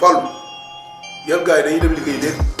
Fallou yan gars yi dañuy dem liggéey léegi.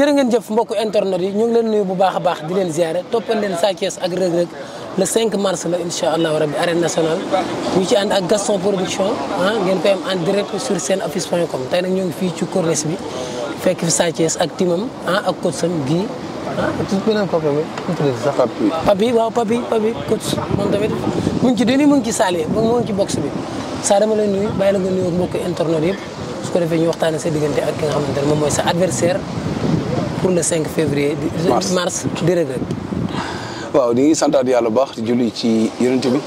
jërë ngeen jëf mbokku internet yi ñu ngi leen nuyu bu baax baax di leen ziare toppal leen Sa Thiès ak Reug Reug le 5 mars la incha allahu rabi arène nationale ñu ci ànd ak Gaston production ah ngeen koy direct sur seen office point com tey nag ñu ngi fii ci corniche bi fekk fi Sa Thiès ak timam ah, ak coach gii ah, Papi waaw Papi Papi coach moom tamit mu ngi ci deni mu ngi ci salle ba ci box bi saa dama lay nuyu bàyyi la nga nuyu ak mbokku internet yëpp su ko defee ñu waxtaanee se diggante ak ki nga xamante ne moom mooy sa adversaire pour le 5 février. mars mars di Reug Reug. waaw di yàlla bu baax di julli ci yonent bi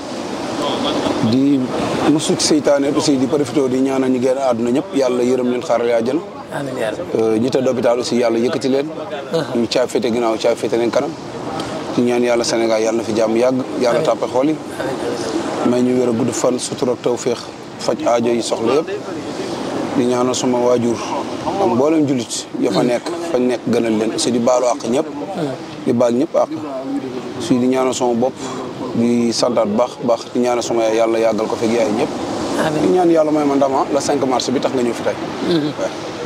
di musut seytaane aussi di profité di ñaanal ñu génn àdduna ñëpp yàlla yërëm leen xaaral yaa jëna ñi euh, tëdd hôpital aussi yàlla yëkkati leen uh-huh. ñu caa féete ginaaw caa féete leen kanam ci ñaan yàlla Sénégal yàlla na fi jàmm yàgg yàlla tàppe xool may ñu wér a gudd fan sutura ak feex faj aajo yi soxla yëpp di ñaanal sama waajur ak mboolem jullit ya fa nekk fañ nekk gënal leen aussi di baalu àq ñëpp di baal ñëpp àq su di ñaanal sama bopp di santaat baax baax di ñaanal sama yaay yàlla yàggal ko fekk yaay ñëpp di ñaan yàlla may ma ndama ah, la 5 mars bi tax nga ñëw fi tey mhm.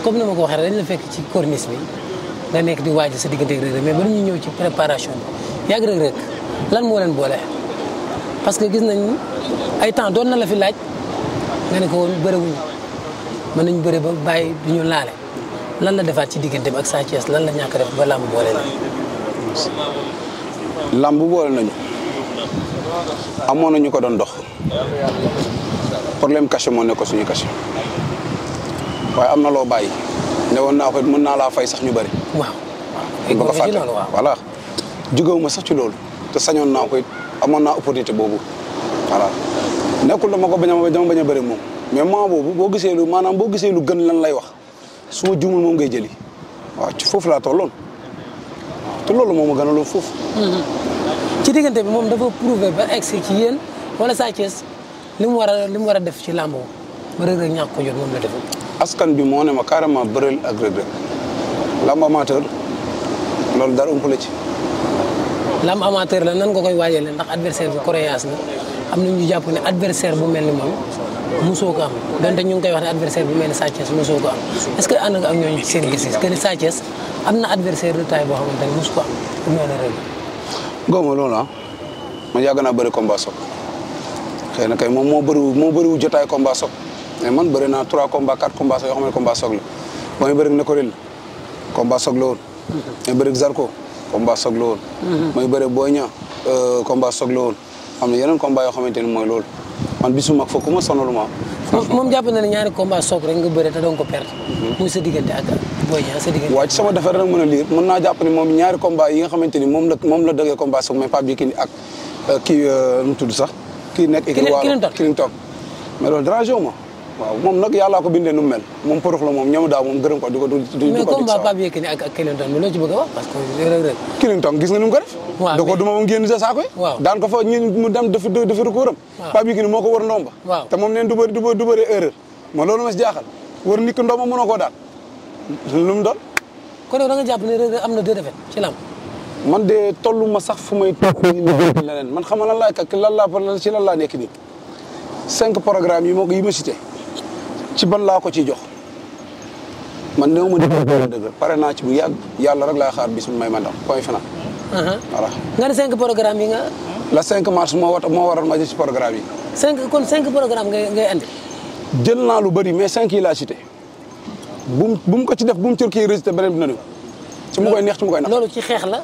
comme ni ma ko waxee dañ la fekk ci corniche bi nga nekk di waajal sa diggante Reug Reug mais bari ñu ñëw ci préparation bi yàgg Reug lan moo leen boole parce que gis nañ ay temps doon na la fi laaj nga ne ko mën nañ bëre ba bàyyi du ñu laale lan la defaat ci diggante bi ak Sa Thiès lan la ñàkk def ba làmb boole la làmb boole nañu amoon ñu ko doon dox problème cachet moo nekk ko suñu cachet waaye am na loo bàyyi ne woon naa ko mën naa laa fay sax ñu bëri waaw ba ko fàtte voilà jógewuma sax ci loolu te sañoon naa ko amoon naa opportunité boobu voilà nekkul dama ko bañ a dama bañ a moom mais moment boobu boo gisee lu maanaam boo gisee lu gën lan lay wax su ma juumul moom ngay jëli waaw ci foofu laa tolloon te loolu moom ma gënaloon foofu. Mhm. ci diggante bi moom dafa prouver ba egsi ci yéen wala Sa Thiès li mu war a li mu war a def ci làmb ba Reug Reug ñàkk la deful. askan bi moo ne ma carrément bëreel ak Reug Reug amateur loolu dara umpale ci. làmb amateur la nan nga koy waajalee ndax adversaire bi coréance la am na ñu jàpp ne adversaire bu mel ni moom. mosoo ko am donte ñu ngi koy wax ne adversaire bu mel ni Sa Thiès mosoo ko am est-ce que ànd nga ak ñooñu seen gis-gis que ni am na adversaire de taille boo xamante ne mosu ko am bu mel ne loolu ah man yàgg naa bëri combat soog xëy moom moo bëriwul moo bëriwul jotaay combat soog man bëri naa 3 combat 4 yoo xam ne combat soog la ba muy bëri ne ko ren combat soog la woon. may bëri Zarko mhm. euh, combat soog la woon. am na yeneen combat yoo xamante ni mooy loolu. man bisuma fokkuma sonaluma. moom jàpp na ne ñaari combat soog rek nga bëre te doon ko perte. Mhm. muy sa diggante ak Boy Niang sa sama defar rek mën a liir mën naa jàpp ne moom ñaari combat yi nga xamante ni moom la moom la dëggee combat soog mais Pape Yékini ak euh, kii euh, nu mu tudd sax. kii nekk Ikri Waalo Kilinton Kilinton mais loolu dérangé wu ma. waaw moom nag yàllaa ko bindee nu mu mel moom porox la moom ñamu daaw moom gërëm ko di ko. du du du ko a wax parce que gis nga ni ko def. waaw da ko duma moom génn sa saako daan ko fa ñu mu dem defi defi recours am. waaw Pape Yékini moo ko war ndomba. waaw te moom neen du bëri du bëri du bëri erreur. ma loolu ma si jaaxal war nit ki ndomba mënoo daan lu mu doon. ko nag da nga jàpp ne Reug Reug am na deux défaites ci lamb. man de tollu ma sax fu may toog leneen man xam nga lan laa kak lan laa ci lan laa nekk nii cinq yi moo yi ma cité ci ban laa ko ciy jox man néew ma dëgër dëgër dëgër pare naa ci bu yàgg yàlla rek laay xaar bis mu may ma ndam point final. Uh-huh. voilà. nga ne cinq programme yi nga. la cinq mars moo war moo waral ma ci programme yi. cinq kon cinq programme ngay ngay andi. jël naa lu bari mais cinq yi laa cité bu mu bu ko ci def bu mu cër kii rejeté beneen bi na ñëw. ci mu koy neex ci mu koy nax loolu ci xeex la.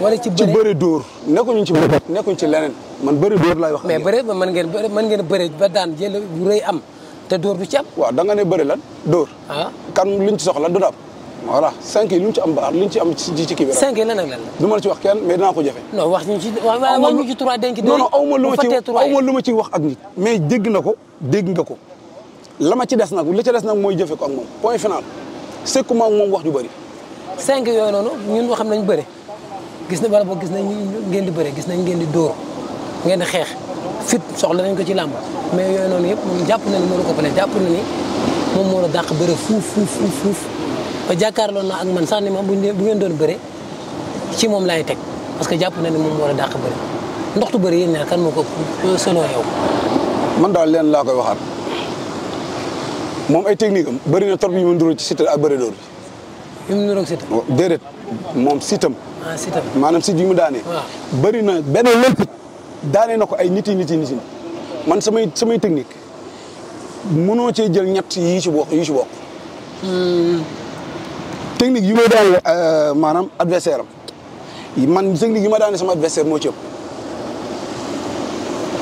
wala ci bëre ci bëre dóor nekkuñu ci bëre ci leneen man bari dóor laay wax. mais bëre ba mën ngeen bëre mën ngeen bëre ba daan jël bu rëy am. te dóor du ci am. waaw da nga ne bëri lan dóor. Ah. kan liñ ci soxla du daam. voilà cinq yi lu ñu ci am baax lu ñu ci am ci ci kii bi. cinq yi lan ak lan la. du ma la ci wax kenn mais dinaa ko jafe. non wax ñu ci waaw waaw ma lu ma ci aw ma lu ma ak nit. mais dégg na ko dégg nga ko la ma ci des nag li ci des nag mooy jëfe ko ak moom point final sekkuma ak moom wax ju bari cinq yooyu noonu ñun waxam nañu bëri gis ne wala boog gis nañ ngeen di bëri gis nañ ngeen di dóor ngeen di xeex fit soxla nañ ko ci làmb mais yooyu noonu yëpp moom jàpp na ni moo la moom moo la dàq bëre fuuf fuuf fuuf fuuf ba jàkkaarloon na ak man sax ni ma bu ngeen doon bëre ci moom laay teg parce que jàpp na ni moom moo la dàq bëre ndoxtu bëre yéen ñaar kan man daal leen laa koy waxaat moom ay technique am bëri na trop yu mu nduróo ci Siteu ak bëre moom sitam ah, maanaam sit yi mu daanee bëri na benn daanee na ko ay nit yi nit man samay samay technique mënoo cee jël ñett yi ci bokk yi ci bokk. Hmm. technique yi may daane euh, maanaam man technique yi ma daane sama adversaire moo ci ëpp.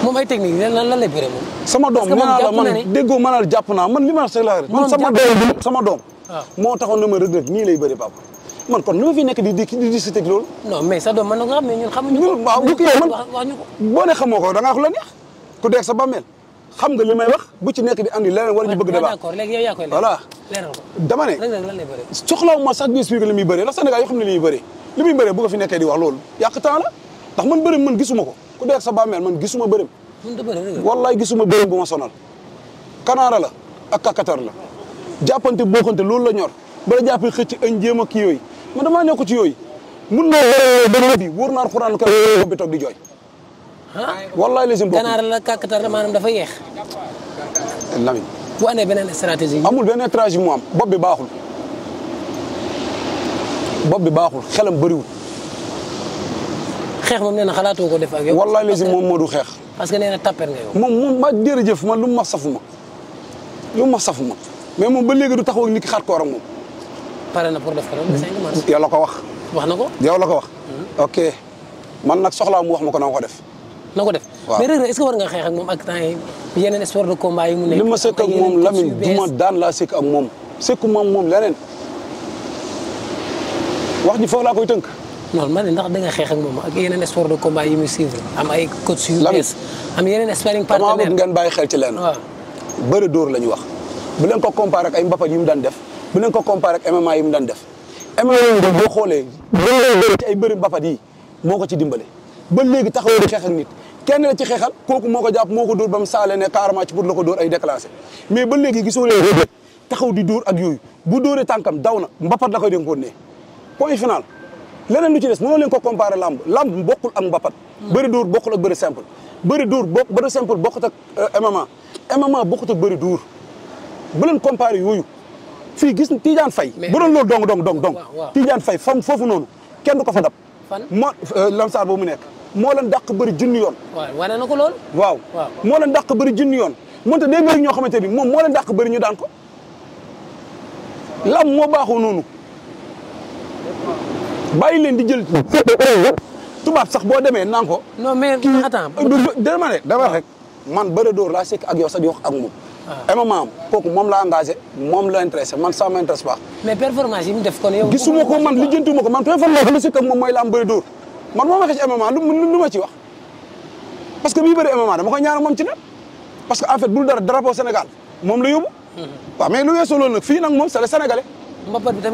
moom ay technique lan lan lay bëree moom. sama doom nee naa la man déggoo ma naa la jàpp naa man li ma la man sama doom sama doom. moo taxoon na man rëgg-rëgg nii lay bëri papa. man kon li ma fi nekk di di di loolu. non mais sa na ko xam ko. waaw bu ku dee sa bàmmeel xam nga li may wax bu ci nekk di andi leneen wala ñu bëgg. débat d'accord léegi yow yaa koy voilà dama ne soxlaw ma sax ñu expliquer li muy bëree ndax Sénégal yoo xam ne li muy bëree li muy bëree bu ko fi nekkee di wax loolu yàq temps la ndax man bërëm man gisuma ko ku dee sa bàmmeel man gisuma bërëm wallaay gisuma bërëm bu ma sonal kanaara la ak kakatar la jàppante bokkante loolu la ñor bala jàppee xëcc añ jéem ak yooyu man damaa nekk ci yooyu mun na wóor bi wóor naa alxuraan ko bi toog di jooy. wallaay les jeunes ganaar la dafa yeex. Lamine. bu amee beneen stratégie. amul beneen stratégie mu am bopp bi baaxul. bopp bi baaxul xelam bëriwul. xeex moom nee na xalaatoo ko def ak yow. wallaay moom moo du xeex. parce que nee na tapper nga yow. moom moom ma jërëjëf man lu mu ma safu ma. lu mu ma safu ma mais moom ba léegi du taxaw ak nit ki xaat ko ak pare na def ko le ko wax. wax na ko yow la ko wax. ok man nag soxlaa mu wax ma ko na ko def. na ko def mais Reug nga xeex ak moom ak temps yi yeneen sport de combat yi mu nekk. li ma sekk ak moom Lamine daan laa sekk ak moom sekkuma ak moom leneen wax ji foofu laa ko tënk. non man ndax da nga xeex ak moom ak yeneen sport de combat yi muy suivre am ay coach yu bees am yeneen sparring ngeen bàyyi xel ci lenn. waaw bëri dóor la ñu wax. bu leen ko comparé ak ay mbapat yu daan def. bu leen ko comparé ak MMA yi mu daan def MMA yi mu boo xoolee bëri ci ay yi moo ko ci dimbale ba léegi taxaw di xeex ak kenn xeexal kooku moo ko jàpp moo ko dóor ba mu saale ne carrément ci pour la ko dóor ay déclassé mais ba léegi gisoo taxaw di dóor ak yooyu bu dóoree tànkam daw na mbapat la koy dénkoon ne point final leneen lu ci des mënoo leen ko comparé lamb lamb bokkul ak mbapat bëri dóor bokkul ak bëri simple bëri dóor bokk bëri simple bokkut ak euh, MMA MMA bokkut ak bëri dóor bu leen comparé yooyu fii gis Tidiane Faye bu doon loolu dong dong dong dong Tidiane Faye fam foofu noonu kenn du ko fa dab moo euh, lamsaar boobu mu nekk moo leen dàq bëri junni yoon wane na ko loolu waaw moo leen dàq bëri junni yoon mënta day bëri ñoo xamante bi moom moo leen dàq ñu daan ko lam moo baaxoo noonu bàyyi leen di jël tubaab sax boo demee naan ko non mais attends dama ne dama rek man bëri door laa sekk ak yow sax di wax ak moom Ah. MMA am kooku moom la engagé moom la intéressé man ça m'intéresse pas. mais performance yi mu def kon yow. gisuma ko man lijjantuma ko man performance lu si teg moom mooy la am bëri dóor man moo ma xëcc MMA lu lu ma ci wax parce que bii bëri MMA dama koy ñaanal moom ci nag parce que en fait bul dara drapeau Sénégal moom la yóbbu. Mhm. waaw mais lu weesoo loolu nag fii nag moom c'est le sénégalais.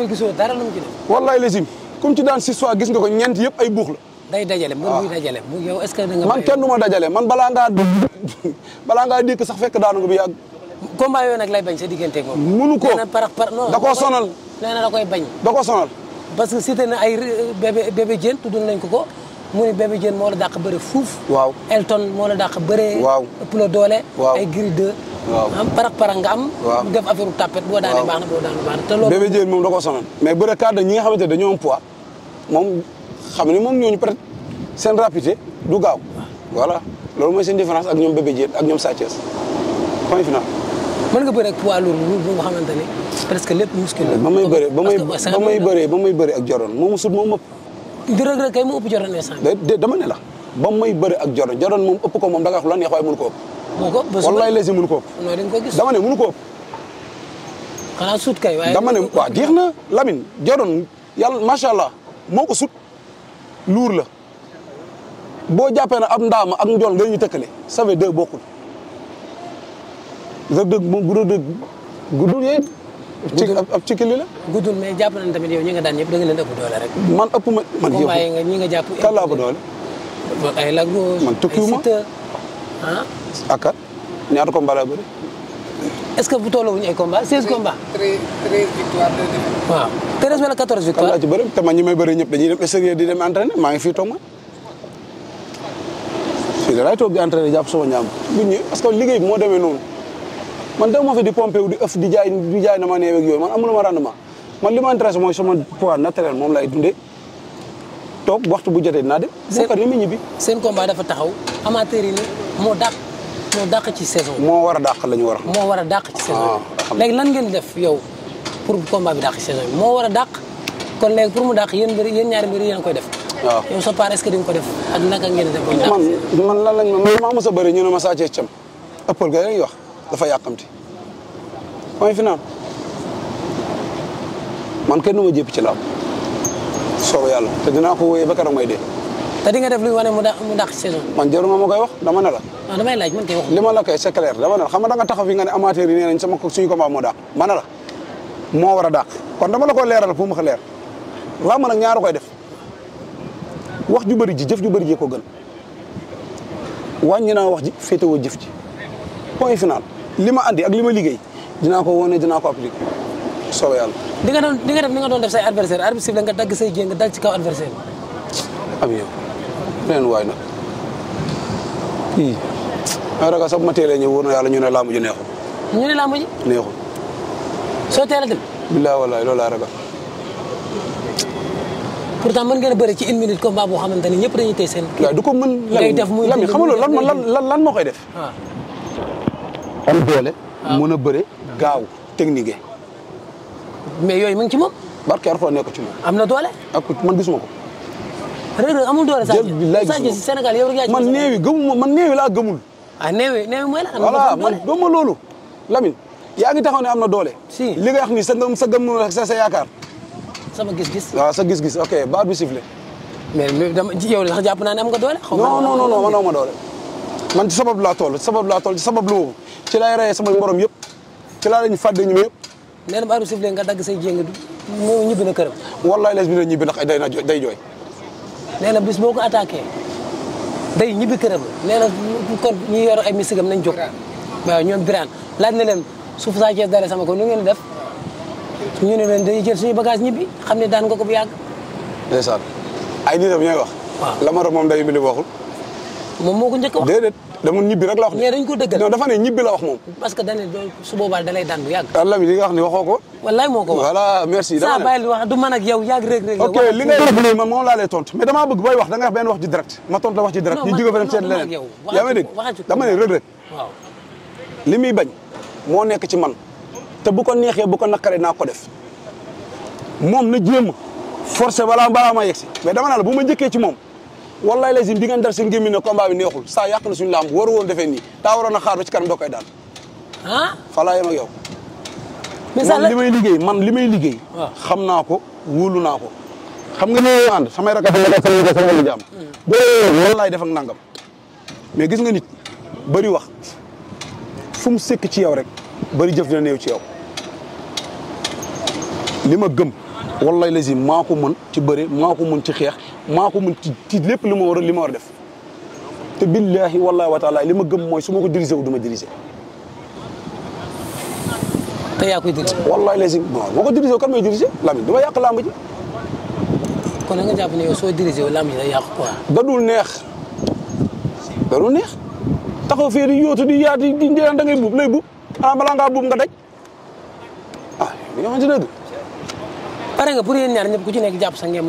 gisoo dara lu mu ci def. wallahi lazim comme ci daan six fois gis nga ko ñeent yëpp ay buux la. day dajale mën ah. man kenn du ma dajale man balaa ngaa balaa ngaa sax fekk daanu nga bi yàgg. combat yooyu nag lay bañ sa digganteeg moom. munu ko da koo sonal nee na koy bañ. da koo sonal. parce que cité na ay bébé bébé jën tuddul nañ ko ko mu ne bébé jën moo la dàq bëre fuuf. waaw Elton moo la dàq bëree. waaw ëpp la doole. waaw ay gris deux. waaw am parax parax am. waaw def affaire tapet boo boo daanee baax te loolu. bébé jën moom da koo sonal. mais bëre cadre ñi nga xamante ne dañoo am moom xam ne moom ñooñu peut-être seen rapidité du gaaw. voilà loolu mooy seen différence ak ñoom bébé jën ak ñoom Sa Thiès final. mën nga bëre ak xamante ne presque lépp muscle la. ba may bëree ba may ba may bëree ba may bëree ak Jordan moom sut moom ëpp. di Reug Reug kay mu ëpp Jordan instant dama ne la ba may bëre ak Jordan Jordan moom ëpp ko moom da nga wax lu neex waaye ko ëpp. mënu ko ëpp wallaay léegi mënu ko ëpp. ko gis dama sut kay waaye. dama ne waaw jeex na Lamine Jordan yàlla macha allah moo ko sut luur la boo jàppee ne ab ndaama ak njool nga ñu tëkkale ça fait deux bokkul Reug Reug moom bu Reug Reug guddul yéen. guddul ab ab cikili la. guddul mais jàpp nañ tamit yow ñi nga daan ñëpp da nga leen rek. man ëpp ma man yow combat yi nga nga jàpp. kan laa ëpp ay lago man tukkiwuma ah. ak kat ñaata combat laa bëri. que bu tolloo wuñ ay combat 16 combat. 13 13 victoire de défaite. waaw 13 wala 14 victoire. kan laa ci bëri te man ñi may bëri ñëpp dañuy di dem maa ngi fii toog ma. fii da laay toog di entraîner jàpp sama ñaam bu ñëwee que liggéey bi moo demee noonu. man dem ma fi di pompé wu di ëff di jaay di jaay na ma neeweeg yooyu man amuluma rendement man li ma intéressé mooy sama poids naturel moom lay dundee toog waxtu bu jotee naa dem. seen li mu ñibbi. seen combat dafa taxaw amateur yi moo dàq moo dàq ci saison moo war a dàq la ñu war a. moo war a dàq ci saison ah, léegi lan ngeen def yow pour combat bi dàq moo war a dàq kon léegi pour mu dàq yéen bëri yéen ñaari bëri yéen koy def. waaw yow sa part ko def ak naka ngeen def. man man lañ ma man maa mos a ñu ne ma saa cee cam ëppal ga lay wax. dafa yàqamti point final man kenn moo ma jépp ci làmb soobu yàlla te dinaa ko wéyee ba keroog may dee. te di nga def luy wane mu dàq mu dàq saison. man jarul ma ma koy wax dama ne la. damay laaj man kay wax. li ma la koy c'est clair dama ne la xam nga da nga taxaw fi nga ne amateur yi nee nañ sama suñu combat moo dàq ma ne la moo war a dàq kon dama la ko leeral pour mu ko leer làmb nag ñaaru koy def wax ju bëri ji jëf ju bëri ji ko gën wàññi naa wax ji féetewoo jëf ji point final. li ma andi ak li ma liggéey dinaa ko wone dinaa ko appliqué soobee yàlla. di nga doon di def ni nga doon def say adversaire arbitre siffle nga dag say jéng dal ci kaw adversaire bi. am yow ren waay nag kii hmm. ay ragal sax bu ma teelee ñëw wóor na yàlla ñu ne laamu ji neexul. ñu ne laamu ji. neexul. soo teel a dem. billaay wallaay loolu laa ragal. pourtant mën ngeen a bëri ci une minute combat boo xamante ne ñëpp dañuy téye seen. waaw du ko mën lan ngay def muy lan lan lan lan moo koy def. Ah. am doole. Ah. mën a bëre gaaw technique mais yooyu mu ngi ci moom. barke Arfo nekk ci moom. am na doole. ak man gisuma ko. Reug Reug amul doole Sadio Sadio si Sénégal yow rek yaa man néewi gëmuma man néewi laa gëmul. a ah, néewi néewi mooy la. voilà man doomu loolu. Lamine yaa ngi taxaw ne am na doole. si li nga wax nii sa ngëm sa gëm rek sa sa yaakaar. sama gis-gis. waaw sa gis-gis ok baat bi sifflé. mais dama doole. xaw ma non non non man aw ma doole. man ci sabab laa toll ci sabab laa toll ci sabab lu ci laay rayee sama morom yëpp ci laa lañu fàddee ñu yëpp. nee na ba arbitre sifflé nga dagg say jéng du moo ñibbi na këram. wallaay les bi na day na day jooy. nee na bis boo ko attaqué day ñibbi këram na kon ñi yor ay misigam nañ jóg. waaw ñoom Birane laaj na leen suuf saa Thiès dara sama ko nu ngeen def ñu ne leen day jël suñu bagage ñibbi xam ne daan nga ko bu yàgg. ndeysaan ay nitam ñooy wax. waaw la ma moom day mi li waxul. moom moo ko njëkk wax déedéet dama ñibbi rek la wax. mais dañ ko dëggal non dafa ne ñibbi la wax moom. parce que dañ ne su boobaa wax ni waxoo ko. wallaay moo ko wax ne saa bàyyi wax li moom laa lay tontu mais damaa bëgg wax da nga wax wax ci direct ma tontu la wax ci direct. ñu diggante leen seet leneen yaa ngi dama ne rek rek. muy bañ moo nekk ci man te bu ko neexee bu ko naqaree naa ko def moom na jéem forcé balaa balaa ma yegsi mais dama naa la bu ma ci moom wallaay lazim bi ngeen dal seen gémmiñ ne combat bi neexul saa yàq na suñu làmb waru woon defee nii daa waroon a xaar ba ci kanam doo koy daal. ah falaa yem ak yow. li may liggéey man li may liggéey. Ah. xam naa ko wóolu naa ko. xam nga ne ànd samay rakk dafa nekk sama sama wàllu laay def nangam. mais gis nga nit bëri wax fu mu ci yow rek bari jëf dina ci yow li ma gëm wallaay lazim maa ko mën ci bëri maa ko mën ci xeex. maa ko mën ci ci lépp li ma war a li war a def te billaahi wallaahi wa taala li ma gëm mooy su ma ko dirigé wu du ma dirigé. te yaa koy dirigé. wallaahi les bon boo ko dirigé wu kan may dirigé lamb ji kon na nga jàpp ne yow soo dirigé wu lamb ji day yàq quoi. dadul neex dadul neex taxaw fee di yóotu di yaatu di njëriñ da ngay buub lay buub ah balaa ngaa buub nga daj ah li nga xamante ne pare nga pour ku ci nekk jàpp sa ngeen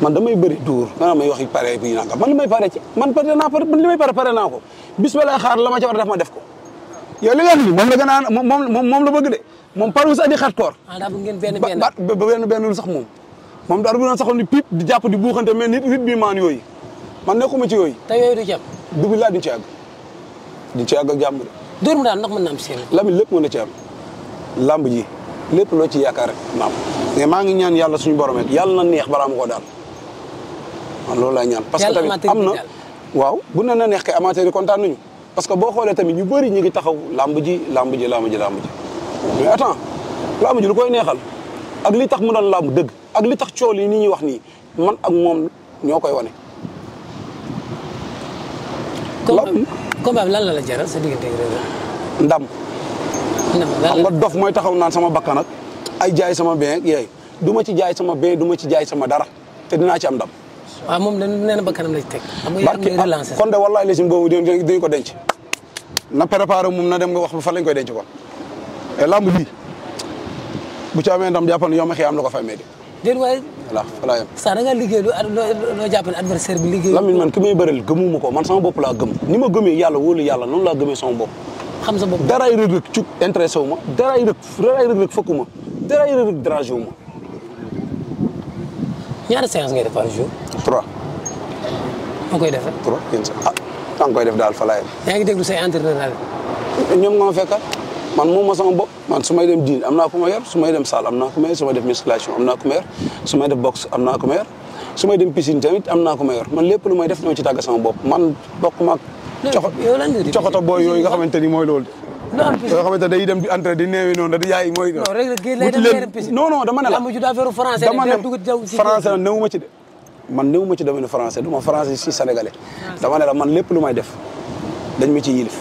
man damay bëri duur nga may wax pare bi nanga man li may pare man pare naa pare man li may pare pare naa ko bis ba lay xaar a def ma def ko yow li nga wax ni moom la gën a moom moom la bëgg de moom paru sa di xat koor ah, benn benn sax moom moom daal bu doon saxoon ni pip di jàpp di buuxante mais nit nit bi maan yooyu man nekkuma ci te yooyu du ci am dubi laa di ci àgg di ci àgg ak jàmm de dóor mu daal ndax mën na am seen lami lépp mën na ci am lamb ji lépp loo ci yaakaar naam maa ngi ñaan yàlla suñu borome yàlla na neex balaa ma koo daal loolu laay ñaan parce que tamit am na waaw bu ne na neex kay amateur yi kontaan nañu parce que boo xoolee tamit ñu bëri ñu ngi taxaw làmb ji làmb ji làmb ji làmb ji mais attends làmb ji lu koy neexal ak li tax mu doon làmb dëgg ak li tax cool yi ni ñuy wax nii man ak moom ñoo koy wane combat lan la la jaral sa ndam xam nga dof mooy taxaw naan sama bakkan ak ay jaay sama bien ak yooyu du ci jaay sama bien du ci jaay sama dara te dinaa ci am ndam waaw ah, moom nee na bakkanam la ci teg. am ah, kon de wallaahi la si boobu dañu ko denc. na préparé moom na dem nga wax fan lañ koy denc kon. et làmb lii bu ci amee ndam jàppal yow ma xëy am la ko fa amee de. déedéet waaye. voilà voilà yem. saa da ngaa liggéey loo loo jàpp ne adversaire bi liggéey. Lamine man ki muy bëreel gëmuma ko man sama bopp laa gëm. ni ma gëmee yàlla wóolu yàlla noonu laa gëmee sama bopp. xam sa bopp daraay rëg rëg ci intéressé wu ma daraay rëg daraay rëg rëg fëkku ma daraay rëg rëg dérangé wu ma ñaari séance ngay def par jour. trois. moo koy defee. trois quinze ah koy def daal fa laay. ngi déglu say entraîneur ñoom nga ma fekkal man moom ma sama bopp man su may dem diin am naa ku ma yor su may dem salle am naa ku ma yor su may def musculation am naa ku ma yor su may def am naa ku ma yor su may dem piscine tamit am naa ku ma yor man lépp lu may def dama ci tàggat sama bopp man bokk ma. coxo coxoto booy yooyu nga xamante ni mooy loolu. non piscine yoo xamante dem di entrée di néewi noonu da di yaay mooy. non rek rek géej lay dem yeneen piscine non non dama ne la. amuñu affaire français dama ne français néew ma ci man ah. dama ne man lépp lu may def dañ ma ci yilif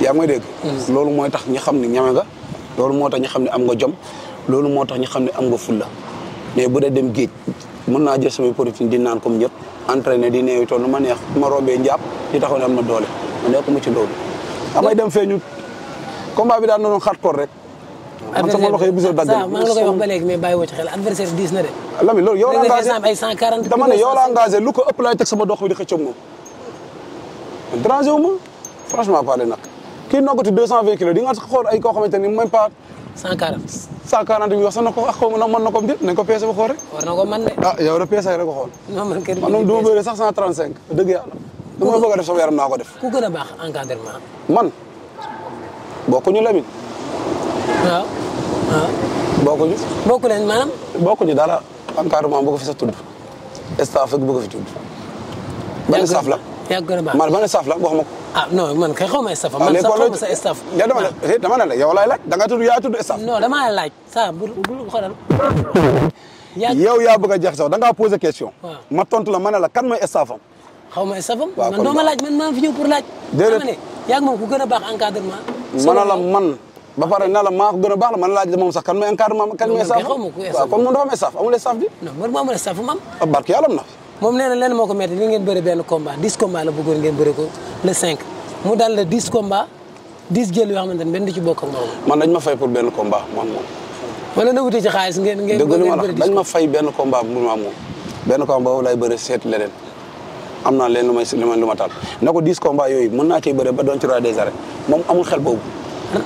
yaa ngi may dégg. loolu mooy tax ñu xam ne ñame nga. loolu moo tax ñu xam ne am nga jom loolu moo tax ñu xam ne am nga fulla mais bu dee dem géej mën naa jël samay protéine di naan comme ñëpp entraîné di néewi tool nu ma neex ma rombee njàpp di taxaw ne am na doole ma nekk ci loolu. feeñu combat bi daal noonu hardcore rek. man sama loxo yëpp gisoo dagg. ça maa ngi la koy wax ba léegi mais bàyyiwoo ci xel adversaire diis na de. Lamine loolu yow la engagé dama ne yow la engagé lu ko ëpp laay teg sama dox bi di xëccoog ma ni même pas. 140. 140 bi wax sax na ko wax xaw ma mën na ko mbir nañ ko peese ba ah yow de peese rek ko xool. man kër man moom du ma bëri sax 135 dëgg yàlla. ku ko dama bëgg a def sama yaram naa ko def. bokkuñu Lamine. waaw waaw. bokkuñu. bokku leen maanaam. bokkuñu dara encadrement bu ko fi sa tudd. staff rek bu ko fi tudd. ban staff la yàgg na man ban staff la wax ma ko. ah non man kay ah, sa staff. ja ah. eh, dama ne dama da nga tudd yaa tudd staff. non damaa laaj saa bu yow yaa bëgg a jeex sax da question. ma tontu la ma ne la kan mooy staffam. xaw ma staffam. man doo laaj man maa fi ñëw pour laaj. yaa ngi ku gën a baax encadrement. mën na la man ba pare na la maa ko gën a baax la mën na laaj moom sax kan may encadrement kan may staff waaw kon moom dafa may staff amul staff bi non man maa mën a staff mam ah, barke yàlla na moom nee na leen moo ko ngeen bëri benn combat 10 combat la bëggoon ngeen bëri ko le 5 mu daal le 10 combat 10 jël yoo xamante ne benn du ci bokk ak moom ma fay pour benn combat man moom na wuti ci xaalis ngeen ngeen dëgg la ma fay benn komba bu ma moom benn combat boobu lay bëri seet leneen am na leen lu may lu ma tal na ko 10 combats yooyu mën naa cee bëre ba doon ci roi des arènes moom amul xel boobu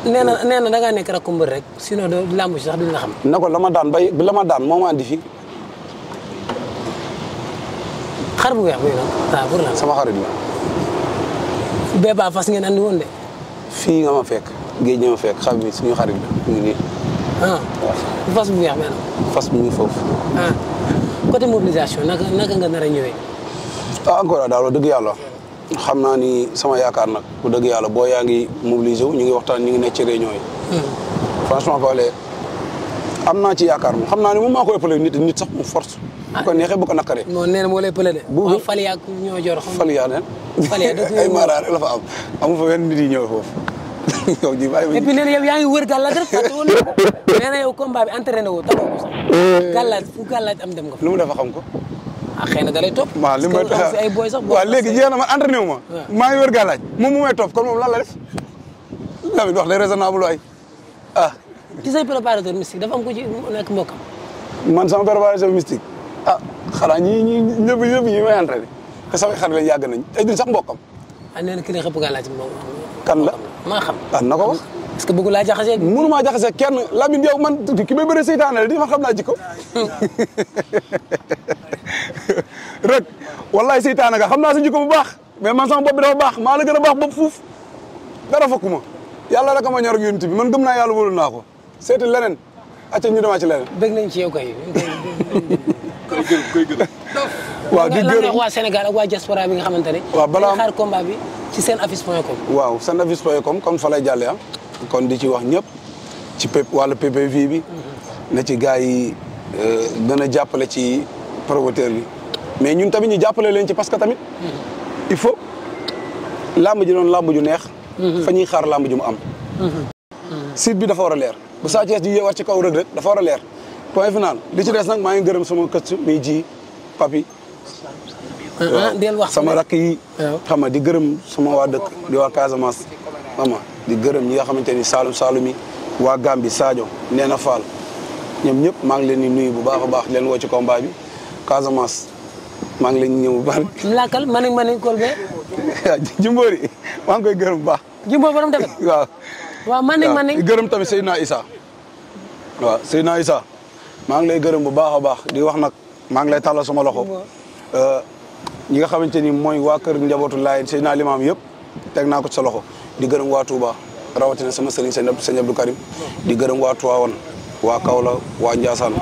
nee na nee na da ngaa nekk rek sinon doo làmb ci xam na ko la bay la ma daan moo xar bu weex bi waaw ah, pour la sama xarit la Bébé Fass ngeen andi woon de fii nga ma fekk géej nga ma fekk xam mi mu ngi nii ah, fas bu ah, mobilisation naka nga nar a ah encore daal wax dëgg yàlla xam naa ni sama yaakaar nag ku dëgg yàlla boo yaa ngi mobilisé wu ñu ngi waxtaan ñu ngi ne ci réunion yi. Hmm. franchement parler am naa ci yaakaar moom xam naa ne moom maa koy ëppale nit nit sax mu force. bu ah. ko neexee bu na moo lay ëppale de. bu bu ah, Falia ak ñoo jor xam Falia nen. Falia dëgg ay maaraar la fa am amu fa wenn nit yi ñëw foofu. yow ji bàyyi et yaa ngi wër gàllank rek fàtte woon na ko nee na yow combat bi entraîné wu eh. fu gàllank am dem nga fa. lu mu dafa xam ko. ah xëy na da lay topp. waaw li may tax ay boy sax. waaw léegi jeex na man entraîné wu ma. maa ngi wër gàllaaj moom mu may topp kon moom lan la def. Lamine wax day raisonnable waay ah. ci say préparateur mystique dafa am ko ci nekk mbokkam. man sama préparateur mystique ah xanaa ñii ñii ñëpp ñëpp ñi may entraîné te samay xarit lañ yàgg nañ ay duñ sax mbokkam. ah nee na ki lay xëpp gàllaaj moom. kan la maa xam ah na ko wax. est-ce que bëgg laa jaxasee. mënu maa jaxasee kenn Lamine yow man ki may bëre seytaane la di man xam naa jikko. rek wallaay seytaane nga xam naa sa jikko bu baax mais man sama bopp bi dafa baax maa la gën a baax bopp fuuf dara fokk ma yàlla rek ma ñor ak bi man gëm naa yàlla wóolu naa ko seeti leneen acca ñu demaat ci leneen. bëgg nañ ci yow kay. waaw di gërëm waa Sénégal ak waa diaspora bi nga xamante ne. waaw balaa xaar combat bi ci seen affiche point com. waaw seen affiche point com kon fa ah. kon di ci wax ñëpp ci pep wàllu PPV bi. Mhm. na ci gars yi euh, gën a jàppale ci promoteur bi. mais ñun tamit ñu jàppale leen ci parce que tamit il faut làmb ji doon làmb ju neex mhm. fa ñuy xaar làmb ju mu am mhm. site bi dafa war a leer bu Sa Thiès di yeewaat ci kaw Reug Reug dafa war a leer point final li ci des nag maa ngi gërëm sama këcc muy ji papi ah, ah, del sama rakk yi xam nga di gërëm suma waa dëkk di waa Casamance xam di gërëm ñi nga xamante ni Saalum Saalum yi waa Gambie Sadio nee na Fall ñoom ñëpp maa ngi leen di nuyu bu baax a baax leen woo ci combat bi Casamance maa ngi leen ñëw bu baax. laakal ma ne ma ne Kolbe. waaw Jimbori maa ngi koy gërëm bu baax. Jimbori borom tamit. waaw. waaw man nañ man nañ gërëm tamit Seydina Issa. maa ngi lay gërëm bu baax a baax di wax nag maa ngi lay tàllal sama loxo. ñi nga xamante ni mooy waa kër njabootu Laay Seydina Limaam yëpp teg naa ko ci loxo di gërëm waa Touba rawatina sama sëriñ sëñ Abdou Karim di gërëm waa Tivaouane waa Kaolack waa Ndiassane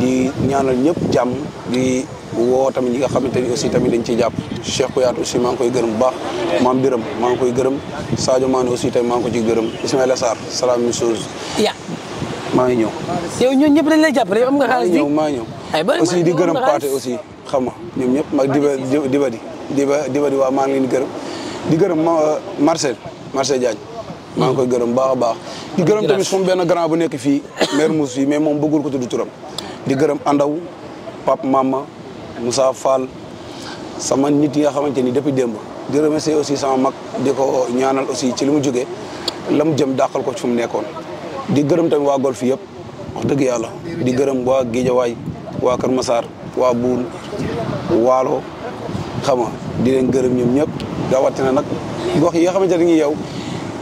di ñaanal ñëpp jàmm di. woo tamit ñi nga xamante ni aussi tamit dañ ciy jàpp Cheikh Kouyaté aussi maa ngi koy gërëm bu baax Mame Birame maa ngi koy gërëm Sadio Mané aussi tamit maa ngi ko ciy gërëm Ismaïla Sarr salaam même maa ngi ñëw yow ñun ñëpp dañ lay jàpp am nga ñëw maa ngi ñëw aussi di gërëm Pathé aussi xam nga ñoom ñëpp di diba diba di diba diba di waa maa ngi leen gërëm di gërëm euh, Marcel Marcel Diagne maa ngi koy gërëm baax a baax di gërëm tamit soom benn grand bu nekk fii maire Mouss fii mais moom bëggul ko tudd turam di gërëm Andaw Pape Mama Moussa Fall sama nit yi nga xamante ni depuis gërëm di remercier aussi sama mag di ko ñaanal aussi ci lu mu jógee la mu jëm dàqal ko ci mu nekkoon di gërëm tamit waa golf yëpp wax dëgg yàlla di gërëm waa Guédiawaye waa Kër masaar waa Buur waalo xam nga di leen gërëm ñoom ñëpp rawatina nag gox yi nga xamante ne yow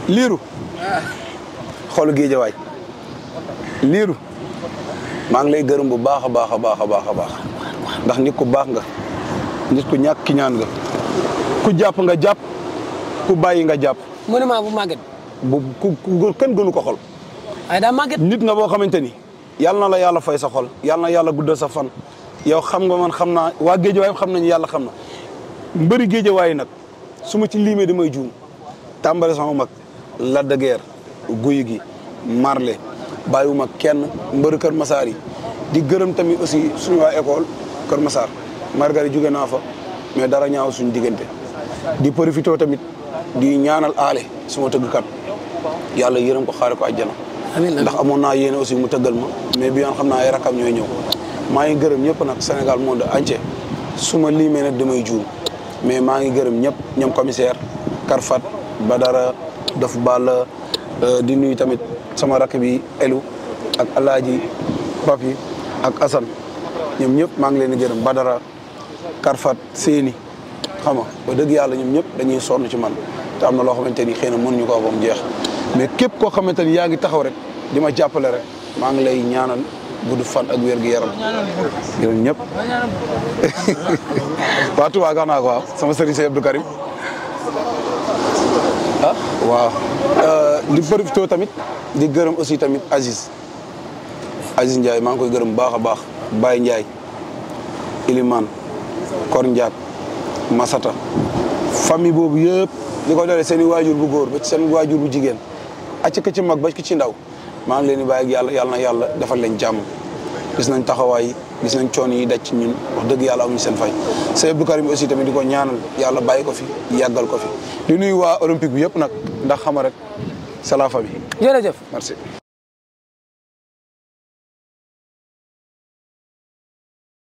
liiru xoolu Guédiawaye liiru maa ngi lay gërëm bu baax a baax a baax a baax a baax ndax nit ku baax nga nit ku ñàkk ki ñaan nga ku jàpp nga jàpp ku bàyyi nga jàpp. monument bu màgget. bu ku kenn gënu ko xol. ay daa màgget. nit nga boo xamante ni yàlla na la yàlla fay sa xol yàlla na yàlla guddal sa fan yow xam nga man xam naa waa géejawaay xam nañu yàlla xam na mbëri géejawaay nag su ma ci liimee damay juum tàmbale sama mag Lac de Guiers guy gi Marley bàyyiwuma kenn mbër Kër Masaar yi di gërëm tamit aussi suñu waa école. Kër Massar Margari jóge naa fa mais dara ñaaw suñu diggante di profité tamit di ñaanal aale suma tëggkat yàlla yërëm ko xaare ko àjjana ndax amoon naa yéene aussi mu tëggal ma mais bi yoon xam na ay rakam ñooy ñëw maa ngi gërëm ñëpp nag Sénégal monde entier su ma limee nag damay juum mais maa ngi gërëm ñëpp ñoom commissaire Karfat ba dara Dof Balla euh, di nuyu tamit sama rakk bi Elu ak Alaaji Papi ak Assane ñoom ñëpp maa ngi leen di gërëm Badara Karfat Séni xam nga ba dëgg yàlla ñoom ñëpp dañuy sonn ci man te am na loo xamante ni xëy na ñu ko ba mu jeex mais képp koo xamante ni yaa ngi taxaw rek di ma jàppale rek maa ngi lay ñaanal gudd fan ak wér gu yaram ñëpp waa Touba gax naa ko waaw sama sëriñ Sey ah, waaw euh, di profité tamit di gërëm aussi tamit Aziz Aziz Ndiaye maa ngi koy gërëm baax a baax Baye Ndiaye Ilimane Kor Ndiak Masata famille boobu yëpp li ko doole seen waajur bu góor ba ci seen waajur bu jigéen acc ki ci mag ba ki ci ndaw maa ngi leen di bàyyi ak yàlla yàlla defal leen jàmm gis nañ taxawaay gis nañ coono yi daj ci ñun wax dëgg yàlla amuñu seen fay Sëñ Abdou Karim aussi tamit di ko ñaanal yàlla bàyyi ko fi yàggal ko fi di nuyu waa olympique bi yëpp nag ndax xama rek c'est la